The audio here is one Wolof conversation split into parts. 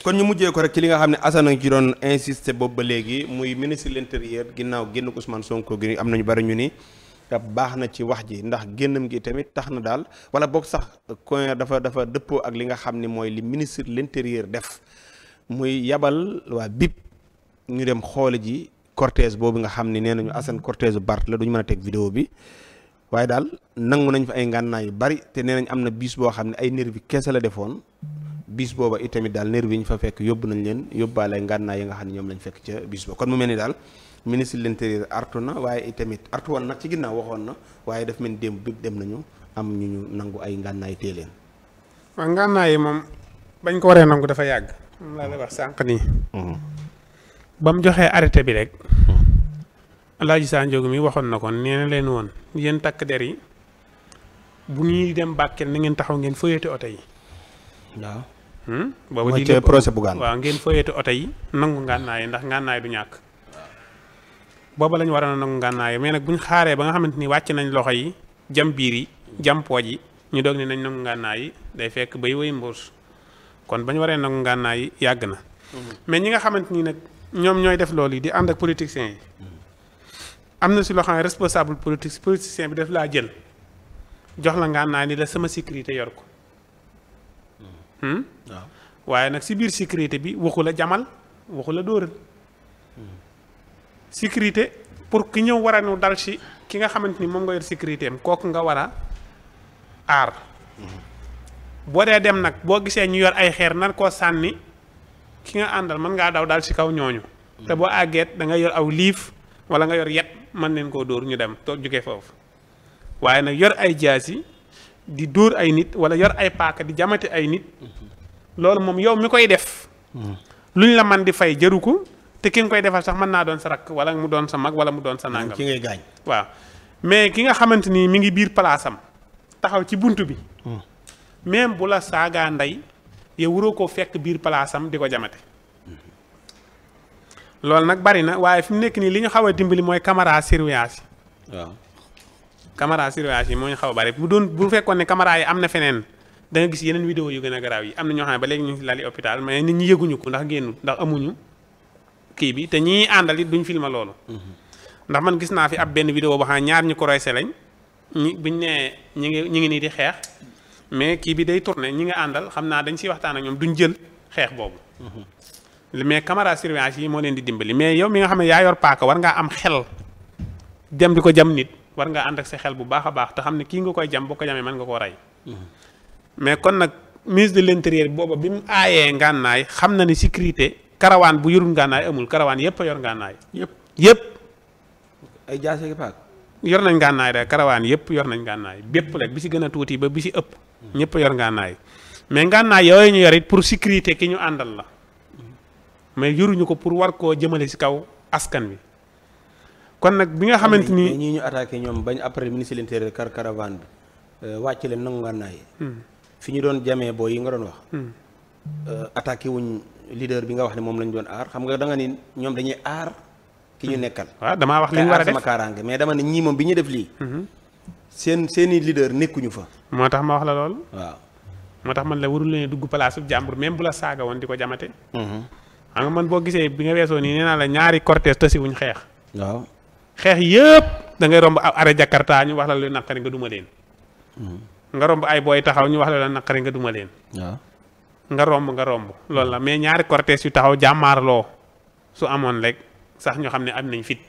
kon ñu mujjee ko rek ci li nga xam ne Assane ci doon insisté boobu ba léegi muy ministre de l'intérieur ginnaaw génn Ousmane Sonko gi am nañu bari ñu ni baax na ci wax ji ndax génnam gi tamit tax na daal wala boog sax coin dafa dafa dëppoo ak li nga xam ni mooy li ministre de l'intérieur def muy yabal waa BIP ñu dem xoole ji cortège boobu nga xam ne nee nañu Assane cortège Bart la duñu mën a teg vidéo bi waaye daal nangu nañ fa ay ngànnaay yu bari te nee nañ am na bis boo xam ne ay nervi kese la defoon bis booba itamit daal nervi yi ñu fa fekk yóbbu nañ leen yóbbaale ngànnaay yi nga xam ne ñoom lañ fekk ca bis ba kon mu mel ni daal ministre de l'intérieur artu na waaye itamit artu woon nag ci ginnaaw waxoon na waaye daf mel ni démb bi dem nañu am ñu ñu nangu ay ngànnaay tee leen. ngànnaay yi moom bañ ko waree nangu dafa yàgg. moom laa lay wax sànq nii. Mm-hmm. ba mu joxee arrêté bi rek. Alaaji Sanjoogu mi waxoon na ko nee na leen woon yéen takk der yi bu ñuy dem Bakel na ngeen taxaw ngeen fëyate oto Hmm? boobu mooy ca procès bu gaan waaw ngeen fëyeete oto yi nangu ngànnaay ndax ngànnaay du ñàkk booba lañu waroon a nangu ngànnaay mais nag buñ xaaree ba nga xamante ni wàcc nañ loxo yi jam biir yi jam pooj yi ñu doog ne nañ nangu ngànnaay yi day fekk bay way mbuus kon ba ñu waree nangu ngànnaay yi yàgg na mhm. mais ñi nga xamante ni nag ñoom ñooy def loolu yi di ànd ak politiciens yi mhm. am na si loo xam ne responsable politique politicien bi daf laa jël jox la ngànnaay ni la sama sécurité yor ko waaw hmm? waaye nag si biir sécurité bi waxu la jamal waxu la dóoral sécurité pour ki ñëw war a dal si ki nga xamante ni moom nga yor sécurité am kooku nga war a aar boo dee dem nag boo gisee ñu yor ay xeer nan koo sànni ki nga àndal mën ngaa daw dal si kaw ñooñu te boo àggeet da nga yor aw liif wala nga yor yet mën leen koo dóor ñu dem toog jóge foofu waaye nag yor ay jaas di dóor ay nit wala yor ay paaka di jamati ay nit loolu moom yow mi koy def luñ la man di fay jëru ko te ki nga koy defal sax mën naa doon sa rakk wala mu doon sa mag wala mu doon sa nangam ki ngay gaañ waaw mais ki nga xamante ni mi ngi biir palaasam taxaw ci bunt bi même bu la saagaa ndey yow waroo koo fekk biir palaasam di ko jamate loolu nag bari na waaye fi mu nekk nii li ñu xaw a dimbali mooy caméra surveillance yi caméra surveillance yi moo ñu xaw a bu doon bu fekkoon ne kamara yi am na feneen da nga gis yeneen vidéo yu gën a garaaw yi am na ñoo xam ne ba léegi ñu ngi si lali hôpital mais nit ñi yëguñu ko kii bi te ñii àndal it duñ filma loolu ndax man gis naa fi ab benn vidéo boo xam ne ñaar ñu ko royse lañ ñi buñ nee ñi ngi ñi ngi nii di xeex mais kii bi day tourné ñi nga àndal xam naa dañ siy waxtaan ak ñoom duñ jël xeex boobu mais caméra surveillance yi moo leen di dimbali mais yow mi nga xam ne yaa yor paaka war ngaa am xel dem di ko jam nit war ngaa ànd ak sa xel bu baax a baax te xam ne kii nga koy jam boo ko jamee mën nga koo rey mm-hmm. mais kon nag ministre de l'intérieur booba bi mu aayee ngànnaay xam na ni sécurité karawaan bu yorul ngànnaay amul karawaan yëpp yor ngànnaay yëpp yëpp ay jaase ki yor nañ ngànnaay rek karawaan yëpp yor nañ ngànnaay bépp rek bi si gën a tuuti ba bi si ëpp mm-hmm. ñëpp yor ngànnaay mais ngànnaay yooyu ñu yor it pour sécurité ki ñu àndal la mm-hmm. mais yoruñu ko pour war koo jëmale si kaw askan wi kon nag bi nga xamante ni ñi ñu attaqué ñoom bañ après ministre de l'intérieur car caravane bi euh, wàcc leen nangu ngànnaay hmm. fi ñu doon jamee boo yi nga doon wax hmm. euh, attaqué wuñ leader bi nga wax ne moom lañ doon aar xam nga danga nga ñoom dañuy aar ki ñu hmm. nekkal waaw damaa wax li ñu war a def mais dama ne ñii moom bi ñu def lii seen seeni leader nekkuñu fa moo tax ma wax la loolu waaw moo tax man la warul leen dugg place bu jàmbur même bu la saaga woon di ko jamate xam nga man boo gisee bi nga weesoo nii nee naa la ñaari cortège tësi wuñ xeex waaw xeex yëpp da ngay romb arrêt jakartaa ñu wax la lu naqari nga duma leen. Mm-hmm. nga romb ay booy taxaw ñu wax la lu naqari nga duma leen. nga romb nga romb loolu la mais ñaari cortège yu taxaw jàmmaarloo su amoon rek sax ñu xam ne am nañ fit.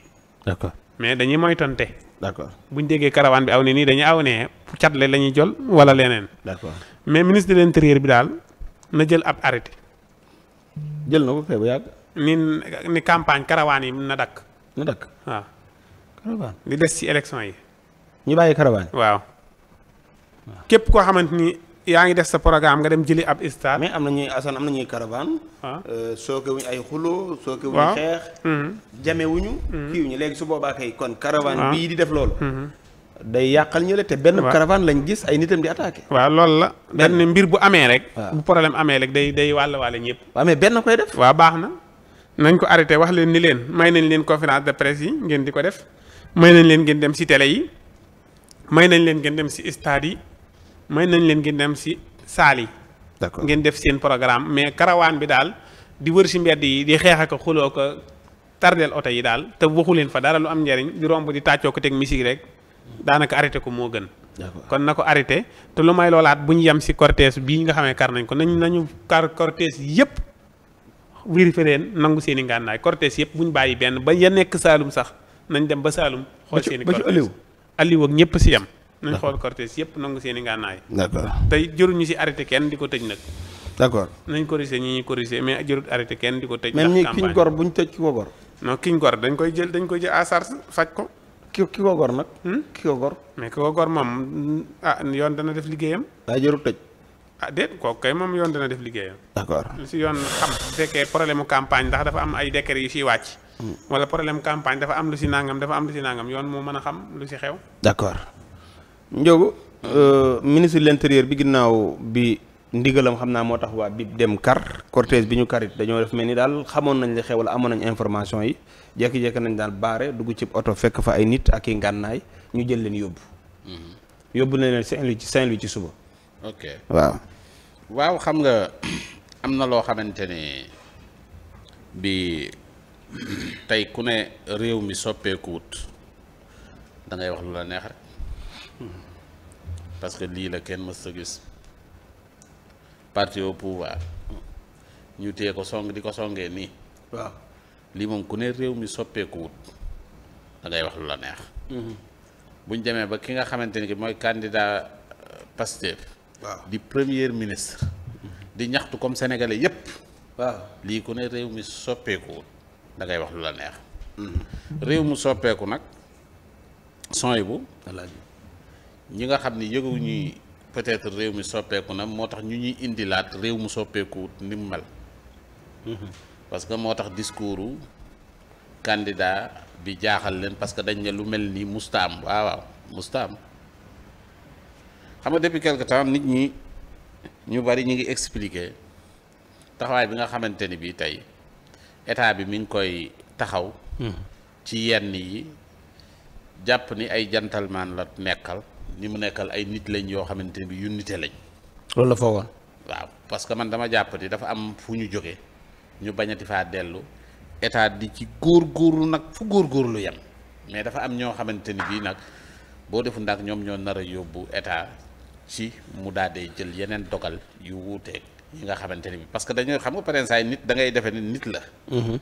d'accord mais dañuy moytonte. d'accord buñ déggee caravane bi aw ne nii dañuy aw ne catle la ñuy jol wala leneen. d'accord mais ministre de l'intérieur bi daal na jël ab arrêté. jël na ko kay bu yàgg. ni ni campagne caravane yi na dakk na dakk waaw. li des ci élection yi. ñu bàyyi caravane. waaw. képp koo xamante ni yaa ngi def sa programme nga dem jëli ab istar. mais am na ñuy Assane am na ñuy caravane. Ah. Euh, sooke wuñ ay xuloo. sooke wuñ xeex. Mm-hmm. jame wuñu. Mm-hmm. kii ñu léegi su boobaa kay kon. caravane ah. bii di def loolu. Mm-hmm. day yàqal ñu le te benn. caravane lañ gis ay nitam di attaqué. waaw lool la. benn mbir bu amee rek. bu problème amee rek day day wàll wàll ñëpp. waaw mais benn koy def. waaw baax na. nañ ko arrêté wax leen ni leen may nañ leen conférence de presse yi ngeen di ko def. may nañ leen ngeen dem si télé yi may nañ leen ngeen dem si stade yi may nañ leen ngeen dem si saali yi. d'accord ngeen def seen programme mais karawaan bi daal di wër si mbedd yi di xeex ko xuloo ko tardeel oto yi daal te waxu leen fa dara lu am njariñ di romb di tàccoo ko teg musique rek daanaka arrêté ko moo gën. kon na ko arrêté te lu may loolaat bu ñu yem si cortège bii nga xamee kar nañ ko nañ nañu kar cortège yëpp vérifié leen nangu seen i ngànnaay cortège yëpp bu ñu bàyyi benn ba ya nekk Saalum sax. nañ dem ba Saalum. xool seen i cortège Aliou ak ñëpp si yam nañ xool cortège yëpp nangu seen i ngànnaay. d'accord tey jëruñu si arrêté kenn di ko tëj nag. d'accord nañ corrigé ñi ñuy corrigé mais jërut arrêté kenn di ko tëj. ndax campagne même ñi kiñ gor buñ tëj ki ko gor. dañ koy jël dañ koy jël à charge faj ko. ki nag. Hmm? ki mais ki ko gor moom ah yoon dana def liggéeyam. daa jërul tëj. ah déet kooku moom yoon dana def liggéeyam. d'accord si yoon xam bu fekkee problème mu campagne ndax dafa am ay décret yu siy wàcc. wala problème campagne dafa am lu si nangam dafa am lu si nangam yoon moo mën a xam lu si xew. d'accord Ndiogu euh, ministre de l'intérieur bi ginnaaw bi ndigalam xam naa moo tax waa bi dem kar cortège bi ñu karit dañoo def mel ni daal xamoon nañ li xew wala amoon nañ information yi jékki-jékki nañ daal baare dugg ci oto fekk fa ay nit ak i ngànnaay ñu jël leen yóbbu. Mm-hmm. yóbbu nañ leen Saint-Louis ci Saint-Louis ci suba. ok waaw. xam nga am na loo xamante ne bi. tey ku ne réew mi soppeekuwut da ngay wax lu la neex rek parce que lii la kenn mës sa gis parti au pouvoir ñu téye ko song di ko songee nii. waaw lii moom ku ne réew mi soppeekuwut da ngay wax lu la neex. Mm-hmm. buñ ñu demee ba ki nga xamante ni mooy candidat euh, Pastef. di premier ministre. Mm-hmm. di ñaxtu comme sénégalais yépp waaw lii ku ne réew mi soppeekuwut. dangay wax lu la neex. Mm-hmm. réew mu soppeeku nag son yi bu. ñi nga xam ni yëgu ñuy peut-être réew mi soppeeku nag moo tax ñu ñuy indilaat réew mu soppeeku ni mu mel. Mm-hmm. parce que moo tax discours candidat bi jaaxal leen parce que dañ ne lu mel ni mustaam waaw waaw mustaam xam nga depuis quelque temps nit ñi ñu bari ñu ngi expliquer taxawaay bi nga xamante ni bii tey. état bi mi ngi koy taxaw. Hmm. ci yenn yi jàpp ni ay gentleman la nekkal ni mu nekkal ay nit lañ yoo xamante ni bi unité lañ. loolu la foogoon. waaw parce que man dama jàpp ni dafa am fu ñu jógee ñu bañati faa dellu état di ci góor nag fu góor góorgóorlu yam mais dafa am ñoo xamante ni bii nag boo defu ndax ñoom ñoo nar a yóbbu état ci mu daal di jël yeneen dogal yu wuuteeg. ñi nga xamante ni bi parce que dañuy xam nga parents ay nit da ngay defee ni nit la mhm.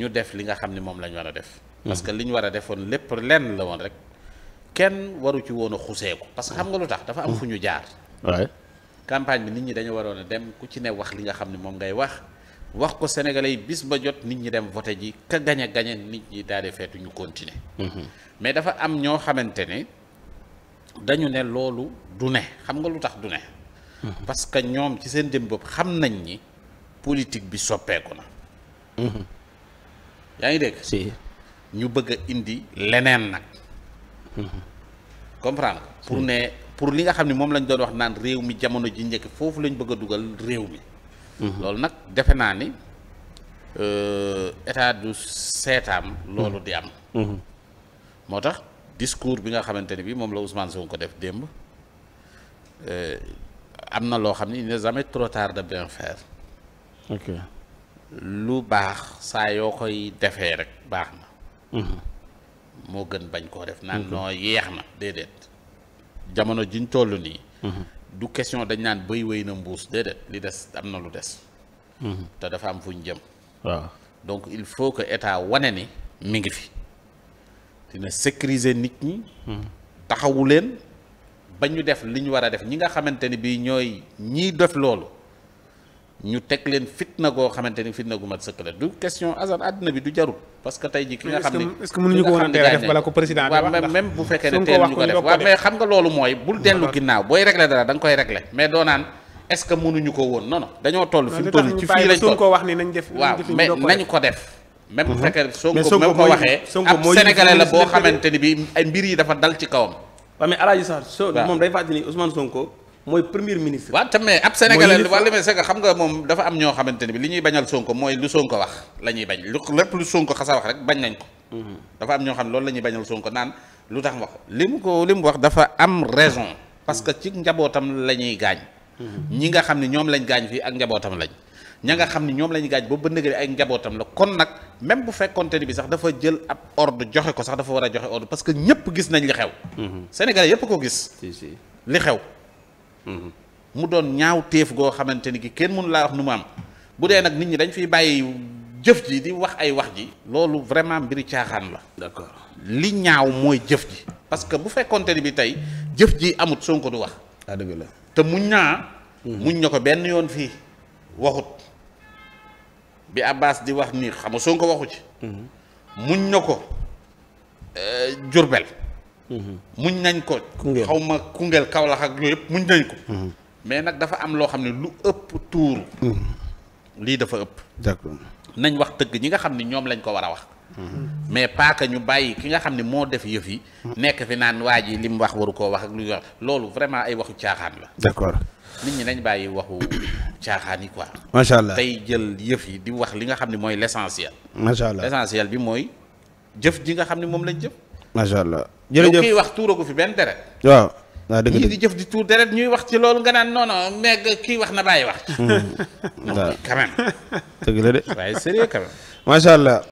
ñu def li nga xam ni moom la ñu war a def mhm. parce que li ñu war a defoon lépp lenn la woon rek kenn waru ci woon a ko parce que xam nga lu tax dafa am fu ñu jaar campagne bi nit ñi dañu waroon a dem ku ci ne wax li nga xam ni moom ngay wax wax ko sénégalais yi bis ba jot nit ñi dem voté ji ka gañ a gañ nit ñi daal di feetu ñu continuer mhm. mais dafa am ñoo xamante ne dañu ne loolu du xam nga lu tax du parce que ñoom ci seen jëm bopp xam nañ ni politique bi soppeeku na. yaa ngi dégg. si ñu bëgg indi leneen nag. comprendre nga pour ne pour li nga xam ne moom lañ doon wax naan réew mi jamono ji njëkk foofu lañu bëgg a dugal réew mi. Mhm. loolu nag defe naa ni euh, état du seetaam loolu mhm. di am. Mhm. moo tax discours bi nga xamante ne bi moom la Ousmane Sonko ko def démb. Euh, am na loo xam ne il n'est jamais trop tard de bien faire. ok lu baax saa yoo koy defee rek baax na. Mhm. moo gën bañ koo def. naan mhm. noo yeex na déedéet. jamono jiñ toll nii. Mhm. du question dañ naan bëy wéy na mbuus déedéet li des am na lu des. te dafa am fuñ jëm. waaw donc il faut que état wane ni mi ngi fi. dina sécuriser nit ñi. taxawu leen. ba ñu def li ñu war a def ñi nga xamante ni bii ñooy ñiy def loolu ñu teg leen fitna goo xamante ni fitna gu sëkk la du question hasard àddina bi du jarul parce que tey ji ki nga xam ne est-ce ko woon a def bala ko président bi waaw même bu ne teel ñu ko def waaw mais xam nga loolu mooy ko woon non non toll fi mu toll ci fii lañ ko wax ni nañ def ko def même bu mhm. fekkee Sonko même ko waxee ab sénégalais la boo xamante ni bi ay mbir yi dafa dal ci kawam waaw mais El Hadj moom day fàttali ni Ousmane Sonko mooy premier ministre. waaw te mais ab sénégalais wala mais c'est que xam nga moom dafa am ñoo xamante ne bi li ñuy bañal Sonko mooy lu Sonko wax la ñuy bañ lu lépp lu Sonko xasa rek bañ nañ ko. Mm-hmm. dafa am ñoo xam loolu la ñuy bañal Sonko naan lu tax wax li mu ko li mu wax dafa am raison. parce que ci njabootam la ñuy gaañ. Mm-hmm. ñi nga xam ne ñoom lañ gaañ fii ak njabootam lañ. ña nga xam ni ñoom la ñu gaañ boobu ba nëgëri ay njabootam la kon nag même bu fekkonte ni bi sax dafa jël ab ordre joxe ko sax dafa war a joxe ordre parce que ñëpp gis nañ li xew. Mhm. Sénégalais yëpp ko gis. li xew. Mhm. mu doon ñaaw téef goo xamante ni ki kenn mënu laa wax nu mu am bu dee nag nit ñi dañ fiy bàyyi jëf ji di wax ay wax ji. loolu vraiment mbiri caaxaan la. d'accord li ñaaw mooy jëf ji. parce que bu fekkonte ni bi tey jëf ji amut ko du wax. Ah, dëgg la te muñ naa. Mhm. muñ na ko benn yoon fii waxut. bi Abbas di wax nii xam nga Sonko waxu ci. muñ na ko Jurbel. Euh, muñ nañ ko. Koungheul xaw ma Koungheul Kaolack ak yëpp muñ nañ ko. Hmm. mais nag dafa am loo xam ne lu ëpp tuuru. Hmm. lii dafa ëpp. d'accord nañ wax dëgg ñi nga xam ne ñoom lañ ko war a wax. Hmm. mais pas que ñu bàyyi ki nga xam ne moo def yëf yi. nekk fi naan waa ji li mu wax waru koo wax ak lu ñu loolu vraiment ay waxu caaxaan la. d'accord nit ñi nañ bàyyi waxu. caaxaan yi quoi. macha allah tey jël yëf yi di wax li nga xam ne mooy l' essentiel. macha allah l' essentiel bi mooy jëf ji nga xam ne moom lañ jëf. macha allah jërëjëf kii wax tuura ko fi benn deret. waaw waaw dëgg ñii di jëf di tuur deret ñuy wax ci loolu nga naan non non mais kii wax na bàyyi wax. waaw mm-hmm. quand même. dëgg la de waaye sérieux quand même. allah.